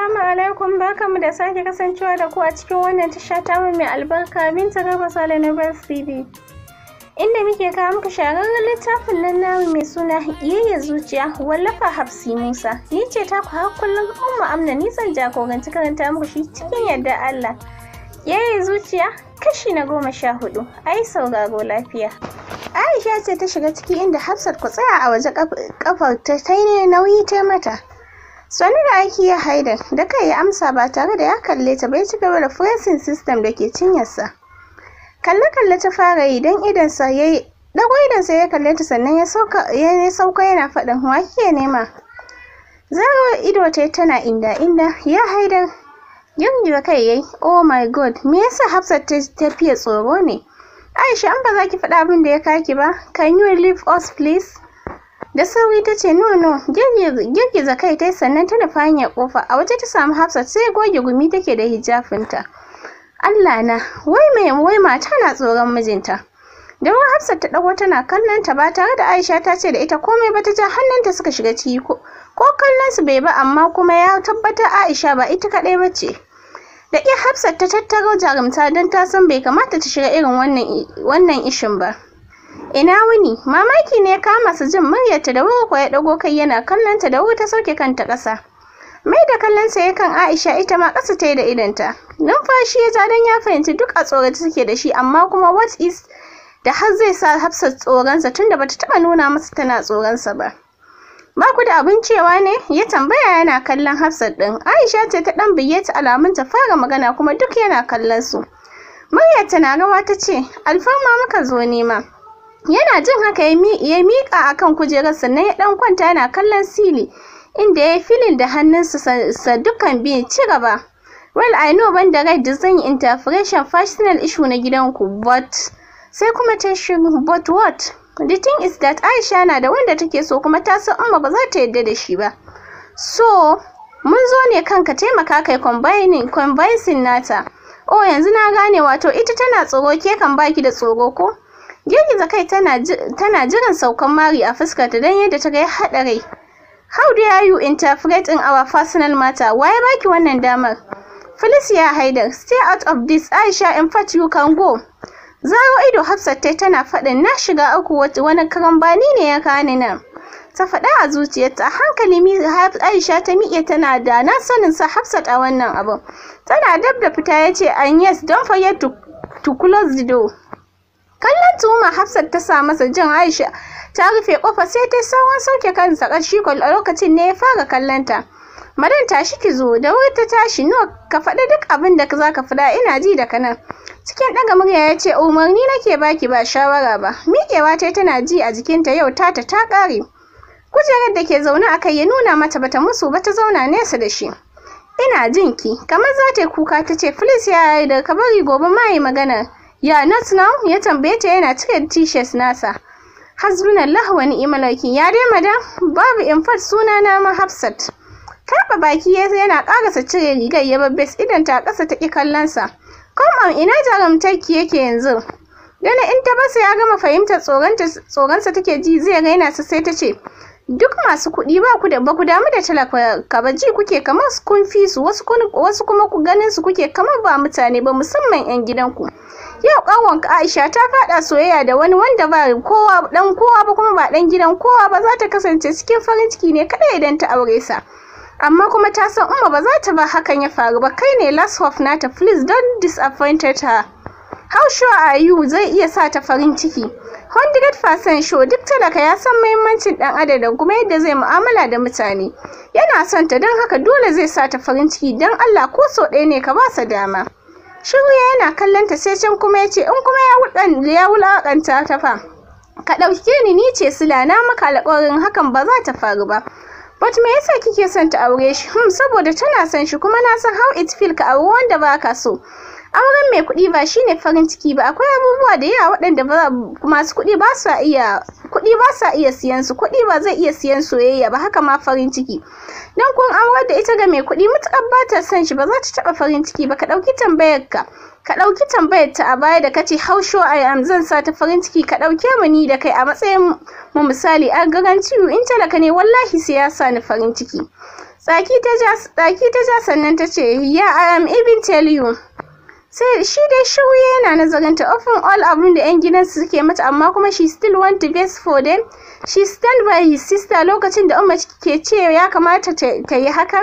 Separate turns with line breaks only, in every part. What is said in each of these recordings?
Assalamu alaikum barkamu da sake kasancewa da ku a cikin wannan tasha ta tamu mai albarka Binta gaba Sale na bar TV. Inda muke kawo muku shahararren littafin nan namu mai suna Iyayya Zuciya wallafa Hafsi Musa. Ni ce ta ku har kullum Umma Amna ni zan jagoranci karanta muku shi cikin yadda Allah. Iyayya Zuciya kashi na goma sha hudu. Ai sauraro lafiya. Aisha ce ta shiga ciki inda Hafsat ku tsaya a waje kafar ta ne nauyi ta mata. sani da aiki ya haidar da kai ya amsa ba tare da ya kalle ta bai ci gaba da fresin system da ke cinyarsa kalle-kalle ta fara yi don idansa ya yi dago idansa ya kalle ta sannan ya sauka yana faɗin wa ke nema zaro ido ta tana inda inda ya haidar girgiza kai yayi oh my god me yasa hafsat ta tafiya tsoro ne aisha an ba za ki faɗa abin da ya kaki ba can you leave us please da sauri ta ce no no girgiza kai ta yi sannan ta nufa hanyar kofa a waje ta samu hafsat sai goge gumi take da hijafinta allah na wai mai wai mata na tsoron mijinta da ruwan hafsat ta dago tana kallon ta ba tare da aisha ta ce da ita komai ba ta ja hannunta suka shiga ciki ko kallon su bai ba amma kuma ya tabbata aisha ba ita kadai ba ce da iya hafsat ta tattaro jarumta don ta san bai kamata ta shiga irin wannan ishin ba ina wuni mamaki ne kama su jin muryarta da wuri ko ya dago kai yana kallonta da wuta ta sauke kanta ƙasa mai da kallonsa ya kan aisha ita ma ƙasa ta yi da idanta numfashi ya ja don ya fahimci duk a tsorata suke da shi amma kuma what is da har zai sa hafsa tsoronsa tunda bata taɓa nuna masa tana tsoronsa ba ba ku da abin cewa ne ya tambaya yana kallon hafsat ɗin aisha ce ta ɗan biye ta alamun ta fara magana kuma duk yana kallon su muryarta na rawa ta ce alfarma muka zo nema yana jin haka ya miƙa a kan kujerar sannan ya ɗan kwanta yana kallon sili inda ya yi filin da hannunsa sa dukkan bi ci gaba well i know ban da right design interpretation fashional issue na gidanku but sai kuma ta shi but what the thing is that aisha na da wanda take so kuma ta san umma ba za ta yadda da shi ba so mun zo ne kanka taimaka kai combining combining nata oh yanzu na gane wato ita tana tsoro ke kan baki da tsoro ko girgiza kai tana jiran saukan mari a fuskarta don yadda ta ga ya haɗa rai how do you interpret in our personal matter waye baki wannan damar Felicia Haidar stay out of this Aisha in fact you can go Zaro ido Hafsat tai tana faɗin na shiga uku wani karambani ne ya kani nan ta faɗa a zuciyarta a hankali Aisha ta miƙe tana da na sanin sa Hafsat a wannan abin tana dab da fita yace an yes don forget to close the door kallon tuma hafsat ta sa masa jin aisha ta rufe kofa sai ta sauran sauke kansa ƙarshi kwal a lokacin ne ya fara kallon ta madan tashi ki zo da wuri ta tashi nawa ka faɗi duk abin da za ka faɗa ina ji daga nan cikin ɗaga murya ya ce umarni nake baki ba shawara ba miƙewa ta tana ji a jikinta yau tata ta ƙare kujerar da ke zaune a kai ya nuna mata bata musu ba ta zauna nesa da shi ina jin ki kamar za ta yi kuka ta ce filis ya yi da ka bari gobe ma yi magana ya not now ya tambaye ta yana cike t-shirt nasa hasbunallah wa ni'mal wakil ya dai madam babu in fat suna na ma hafsat karba baki ya yana karasa cire rigar ya babbes idan ta kasa ta ki kallon sa kom ina jarumtarki yake yanzu dana in ta basa ya gama fahimtar tsoransa take ji zai raina sa sai ta ce duk masu kuɗi ba ku da ba ku damu da talaka ba ji kuke kamar kun fi su wasu kuma ku ganin su kuke kamar ba mutane ba musamman 'yan gidanku Yau kawon Aisha ta faɗa soyayya da wani wanda ba kowa dan kowa ba kuma ba dan gidan kowa ba za ta kasance cikin farin ciki ne kadai idan ta aure sa. Amma kuma ta san Umma ba za ta ba hakan ya faru ba kai ne last hope nata please don disappoint her. How sure are you zai iya sa ta farin ciki. 100% sure duk talaka ya san muhimmancin dan adadin kuma yadda zai mu'amala da mutane. Yana son ta don haka dole zai sa ta farin ciki don Allah ko so ɗaya ne ka ba sa dama. shiru ya yana kallon ta sai can kuma ya ce in kuma ya wulakanta ta fa ka ɗauke ni ni ce sila na maka alƙawarin hakan ba za ta faru ba but me yasa kike son ta aure shi hmm saboda tana son shi kuma na san how it feel ka aure wanda baka so auren mai kuɗi ba shine farin ciki ba akwai abubuwa da yawa waɗanda masu kuɗi ba sa iya kuɗi ba sa iya siyan su kuɗi ba zai iya siyan soyayya ba haka ma farin ciki dan kun aurar da ita ga mai kuɗi mutukar ba ta son shi ba za ta taɓa farin ciki ba ka ɗauki tambayar ka ka ɗauki tambayar ta a baya da kace how sure I am zan sa ta farin ciki ka ɗauke mu ni da kai a matsayin mu misali a garanti in talaka ne wallahi sai ya sa ni farin ciki tsaki ta ja sannan ta ce ya I am even tell you sai shi dai shiru yana nazarin ta ofin all abun da yan su suke mata amma kuma she still want the best for them she stand by his sister lokacin da umma ke ce ya kamata ta yi haka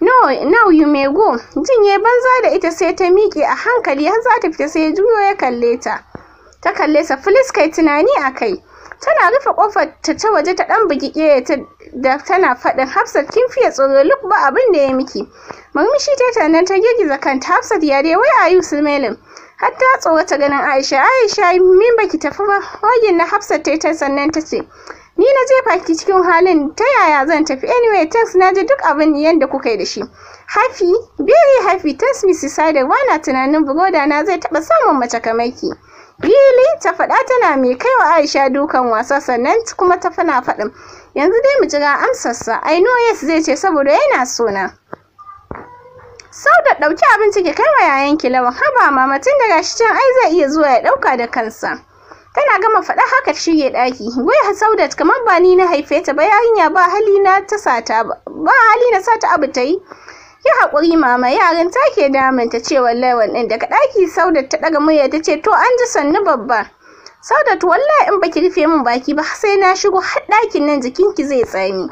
no now you may go jin ya banza da ita sai ta miƙe a hankali har za ta fita sai ya juyo ya kalle ta ta kalle sa please kai tunani a kai tana rufe kofar ta ta waje ta dan bugi ta da tana faɗin hafsat kin fiye tsoro luk ba abin da ya miki murmushi ta tannan ta girgiza kanta hafsat ya dai wai ayu smelin Hatta ta tsoro ta ganin aisha aisha min baki tafi ba hogin na hafsat ta ta sannan ta ce ni na jefa ki cikin halin ta yaya zan tafi anyway thanks na ji duk abin yadda kuka yi da shi hafi very happy thanks mrs wana tunanin buroda na zai taɓa samun mace kamar ki really ta faɗa tana mai kai wa aisha dukan wasa sannan kuma ta fana faɗin yanzu dai mu jira amsarsa i know yes zai ce saboda yana sona sau da ɗauki abinci ki kai wa yayan ki lawan haba mama tun da shi can ai zai iya zuwa ya ɗauka da kansa tana gama faɗa haka shige ɗaki wai saudat kamar ba ni na haife ta ba yarinya ba hali na ta sata ba hali na sata abu ta yi Ki haƙuri mama yaran ta ke ta cewa Lawan ɗin daga ɗaki Saudat ta ɗaga murya ta ce to an ji sannu babba. Saudat wallahi in baki rufe min baki ba sai na shigo har ɗakin nan jikinki zai tsami.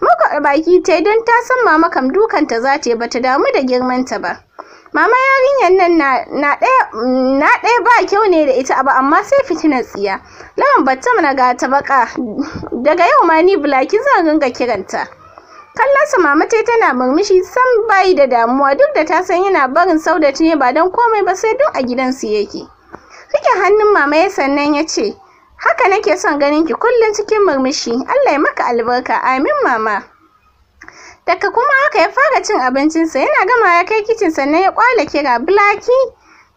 Muka baki ta don ta san mama kam dukanta za ta yi bata damu da girman ta ba. Mama yarinyar nan na ɗaya ba kyau ne da ita ba amma sai fitinar tsiya. Lawan bata mana ga ta daga yau ma ni bulaki zan ringa kiranta. kallonsa mama ta tana murmushi san bayi da damuwa duk da ta san yana barin saudat ne ba don komai ba sai don a gidansu yake rike hannun mama ya sannan ya ce haka nake son ganin ki kullum cikin murmushi allah ya maka albarka amin mama daga kuma haka ya fara cin abincinsa yana gama ya kai kicin sannan ya kwala kira blaki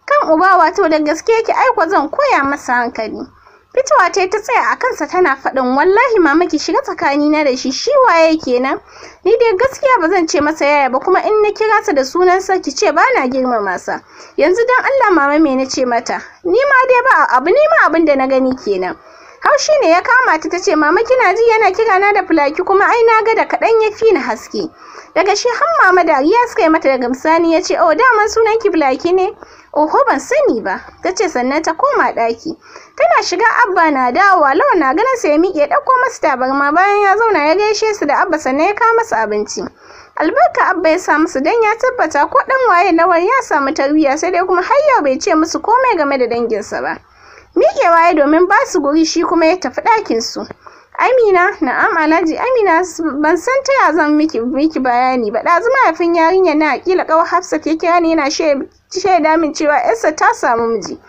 kan uba wato da gaske ki aiko zan koya masa hankali fitowa ta ta tsaya a kansa tana faɗin wallahi mama ki shiga tsakani na da shi shi waye kenan ni dai gaskiya ba zan ce masa yaya ba kuma in na kira sa da sunansa ki ce ba na girmama sa yanzu dan Allah mama me na ce mata ni ma dai ba abu ne ma abin da na gani kenan haushi ne ya kama ta tace mama kina ji yana kira na da fulaki kuma ai na ga da kaɗan ya fi ni haske daga shi har mama dariya suka yi mata daga misani ya ce oh daman sunan ki blaki ne oho ban sani ba ta ce sannan ta koma ɗaki tana shiga abba na dawowa lawan na ganin sai ya miƙe ɗauko masa tabarma bayan ya zauna ya gaishe su da abba sannan ya kawo masa abinci albarka abba ya sa musu dan ya tabbata ko ɗan waye lawan ya samu tarbiyya sai dai kuma har yau bai ce musu komai game da danginsa ba miƙewa ya domin ba su guri shi kuma ya tafi ɗakinsu Amina, na'am Alhaji Amina ban san ta ya zan miki miki bayani ba. Ɗazu mahaifin yarinyar na akila kawo Hafsat ya kira ni yana shaida min cewa yarsa ta samu miji.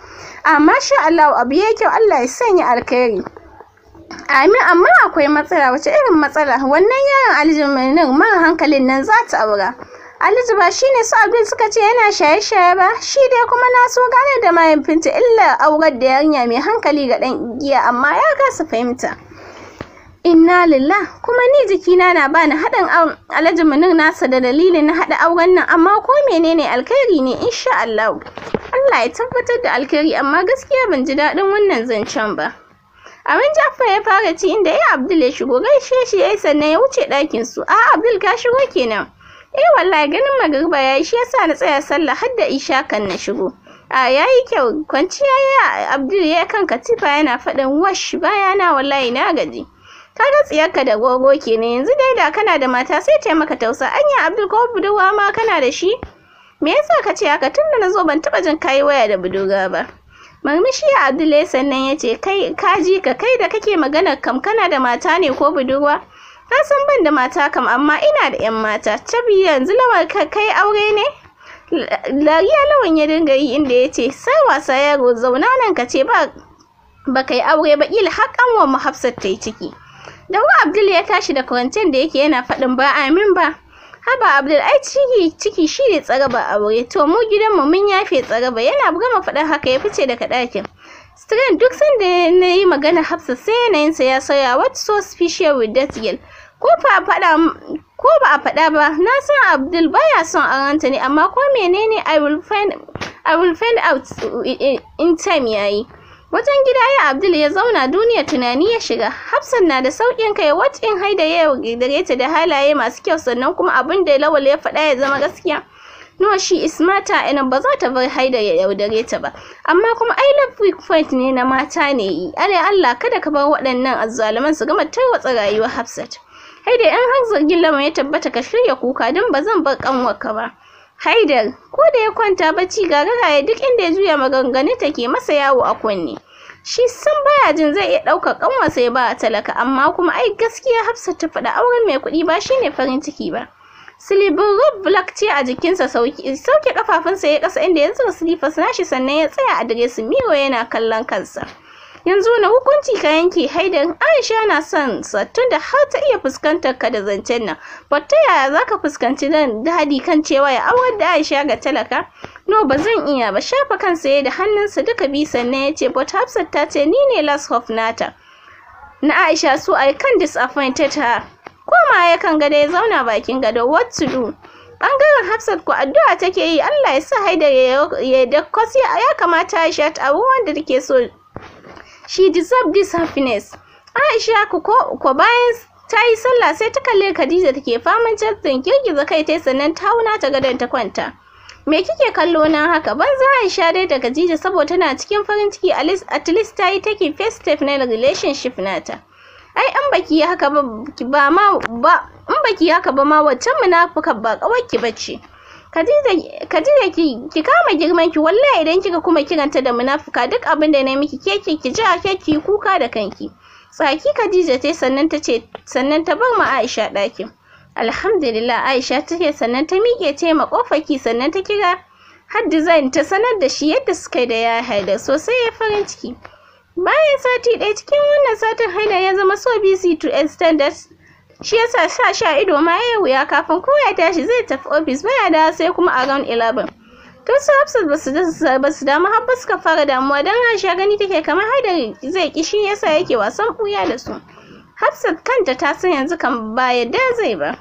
Amma ah, sha Allah abu ya kyau Allah ya sanya alkhairi. Amin amma akwai matsala wace irin matsala wannan yaron nan mara hankalin nan za ta aura. Alhaji ba shi ne su abin suka ce yana shaye-shaye ba, shi dai kuma na so gane da mahaifinta illa aurar da yarinya mai hankali ga ɗan giya amma ya kasa fahimta. inna lillah kuma ni jikina na bani haɗin alhaji munin nasa da dalilin na haɗa auren nan amma ko menene alkhairi ne insha Allah Allah ya tabbatar da alkhairi amma gaskiya ban ji daɗin wannan zancen ba abin jaffa ya fara ci inda ya abdul ya shigo gaishe shi yayi sannan ya wuce ɗakin su a abdul ka shigo kenan eh wallahi ganin ya yayi shi yasa na tsaya sallah har da isha kan na shigo a yayi kyau kwanciya ya abdul ya kan katifa yana faɗin wash bayana wallahi na gaji ka ga tsiyarka da gogo kenan yanzu dai da kana da mata sai ta maka tausa anya abdul ko budurwa ma kana da shi me yasa ka ce haka tunda na zo ban taba jin kayi waya da budurwa ba murmushi abdul sannan ya ce kai kaji ka kai da kake magana kam kana da mata ne ko budurwa Na san ban da mata kam amma ina da yan mata cabi yanzu lawar ka kai aure ne lariya lawan ya dinga yi inda ya ce sai wasa yaro zauna nan ka ce ba ba kai aure ba kila har wa mu hafsat ta yi ciki Dawa Abdul ya tashi da kwancen da yake yana faɗin ba amin ba. Haba Abdul ai ciki ciki shi ne tsaraba aure to mu gidan mu mun yafe tsaraba yana gama faɗin haka ya fice daga ɗakin. strain duk sanda na yi magana Hafsa sai sa ya sauya what so special with that girl. Ko ba a faɗa ba na san Abdul baya son aranta ne amma ko menene I will find I will find out in time yayi. Wajen gida ya Abdul ya zauna duniya tunani ya shiga. Hafsan na da sauƙin kai wat in haida ya gidare ta da halaye masu kyau sannan kuma abin da Lawal ya faɗa ya zama gaskiya. No shi ismata ina ba za ta bar haida ya yaudare ta ba. Amma kuma I love weak point ne na mata ne yi. Ale Allah kada ka bar waɗannan azzaluman su gama tarwatsa rayuwar Hafsat. Haida 'yan har zargin Lawal ya tabbata ka shirya kuka don ba zan bar ƙanwarka ba. Haidar, ko da ya kwanta bacci ga raraya duk inda ya juya maganganu ta ke masa yawo a kunne. Shi sun baya jin zai iya ɗaukar ƙanwarsa ya ba a talaka amma kuma ai gaskiya Hafsat ta faɗa auren mai kuɗi ba shine farin ciki ba. Rob Black ce a jikinsa sauki sauke kafafunsa ya ƙasa inda ya zuba silifas nashi sannan ya tsaya a diresin miro yana kallon kansa. yanzu na hukunci ka yanke haidan aisha na son sa tunda har ta iya fuskantar ka da zancen nan ba ta yaya za ka fuskanci nan hadi kan cewa ya awar da aisha ga talaka no ba zan iya ba shafa kansa ya da hannunsa duka bi sannan ya ce but hafsat ta ce ni ne last hope nata na aisha su i can disappointed her koma ya kan ya zauna bakin gado what to do bangaren hafsat ko addu'a take yi allah ya sa haidar ya da ya kamata aisha ta abubuwan da take so She deserved this happiness. Aisha ko bayan ta yi sallah sai ta kalli Khadija take faman jazin girgiza kai tai sannan ta wuna ta gadon ta kwanta. Me kike kallo nan haka? Banza Aisha dai da Khadija saboda tana cikin farin ciki at least ta yi take first step na relationship nata. Ai an baki haka ba ma ba an baki haka ba ma wacce munafuka ba kawai ki bace. Khadija ki ki kama girman ki wallahi idan kika kuma kiranta da munafuka duk abin da na miki ke ki ji ke ki kuka da kanki tsaki Khadija tai sannan ta ce sannan ta bar ma Aisha ɗakin alhamdulillah Aisha ta ce sannan ta miƙe ta ma ƙofaki, sannan ta kira Hadizan ta sanar da shi yadda suka da ya haida sosai ya farin ciki bayan sati ɗaya cikin wannan satin haida ya zama so busy to that shi yasa sa sha ido ma yi wuya kafin ko ya tashi zai tafi ofis baya da sai kuma a round ilabin. tun su hafsat ba su damu har ba suka fara damuwa don aisha gani take kamar haidar zai ki shi yasa yake wasan buya da su hafsat kanta ta san yanzu kan ba yadda zai ba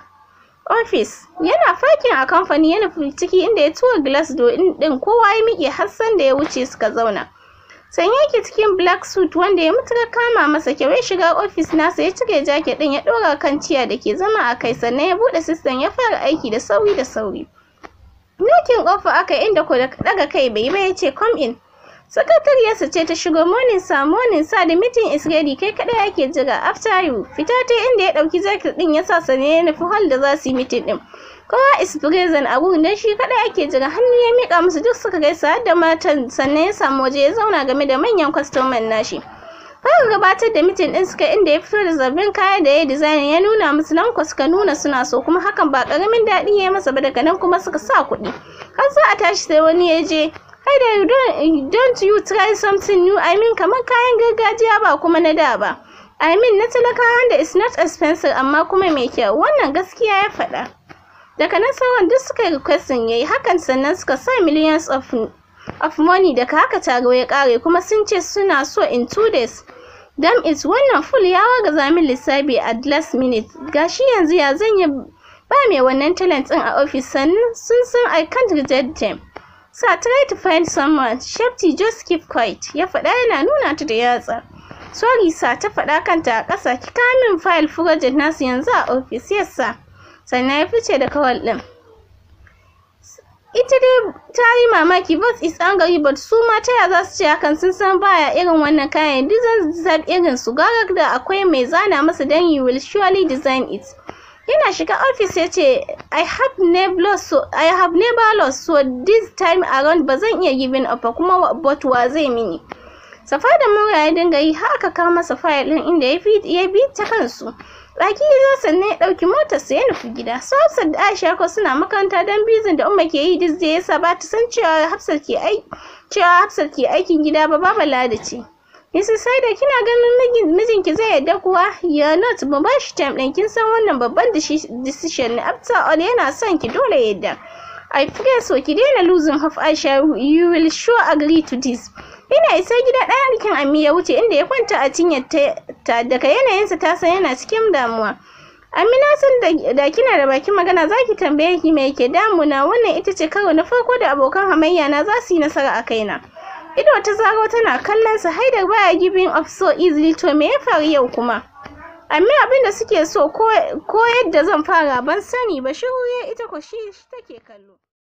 ofis yana fakin a kamfani yana ciki inda ya tuwa glass do din kowa ya miƙe har san da ya wuce suka zauna sanye yake cikin black suit wanda ya mutu kama masa kyau ya shiga ofis nasa ya cire jaket din ya dora kan ciya da ke zama a kai sannan ya bude system ya fara aiki da sauri da sauri nokin kofa aka inda ko daga kai bai ba yace ce come in sakatariyarsa ce ta shigo morning sa morning sa da meeting is ready kai kadai ake jira after you fita ta inda ya dauki jaket din ya sa sane ya nufi hall da za su yi meeting din kowa is present a gurin dan shi kadai ake jira hannu ya mika musu duk suka gaisa har da matan sannan ya samu waje ya zauna game da manyan kwastoman nashi kawai gabatar da mitin din suka inda ya fito da zabbin kaya da ya dizayin ya nuna musu nan ko suka nuna suna so kuma hakan ba karamin daɗi ya masa ba daga nan kuma suka sa kuɗi har za a tashi sai wani ya je kai da don't, you try something new I mean kamar kayan gargajiya ba kuma na da ba I mean na talakawa da is not expensive amma kuma mai kyau wannan gaskiya ya faɗa. daga nan sauran duk suka yi requestin yayi hakan sannan suka sa millions of of money daga haka taro ya kare kuma sun ce suna so in two days dam is wannan full ya waga zamin lissafi at last minute gashi yanzu ya zan ba mai wannan talent din a office sannan sun san i can't reject them so I try to find someone just keep quiet ya faɗa yana nuna ta da yatsa sorry sa ta faɗa kanta a ƙasa ki kamin file project nasu yanzu a office yes sir sannan ya fice da kawal ɗin ita dai ta yi mamaki both is angry but su ma ta ya za su ce hakan sun san baya irin wannan kayan design design irin su gara da akwai mai zana masa dan you will surely design it yana shiga ofis ya ce I have never lost so I have never lost so this time around ba zan iya giving up kuma but wa zai mini safa da mura ya dinga yi har aka kawo masa fayil ɗin inda ya bi ta kansu Baki ya zo sannan ya ɗauki motar su ya nufi gida. Su da Aisha ko suna makaranta don bizin da Umma ke yi duk zai yasa ba ta san cewa Hafsat ke cewa Hafsat ke aikin gida ba Baba Lada ce. Mrs. Saida kina ganin mijinki zai yarda kuwa? Ya not mu ba shi time ɗin kin san wannan babban decision ne after all yana son ki dole yadda. I pray so ki daina losing half Aisha you will sure agree to this. Ina isa gida ɗaya rikin Ami ya wuce inda ya kwanta a cinyar ta daga yanayinsa ta san yana cikin damuwa. Ami na san da kina da bakin magana za ki tambaye ki me yake na wannan ita ce karo na farko da abokan hamayya na za su yi nasara a kaina. Ido ta zaro tana kallon sa haidar baya giving up so easily to me ya faru yau kuma. amma abin da suke so ko yadda zan fara ban sani ba shiru ita ko shi take kallo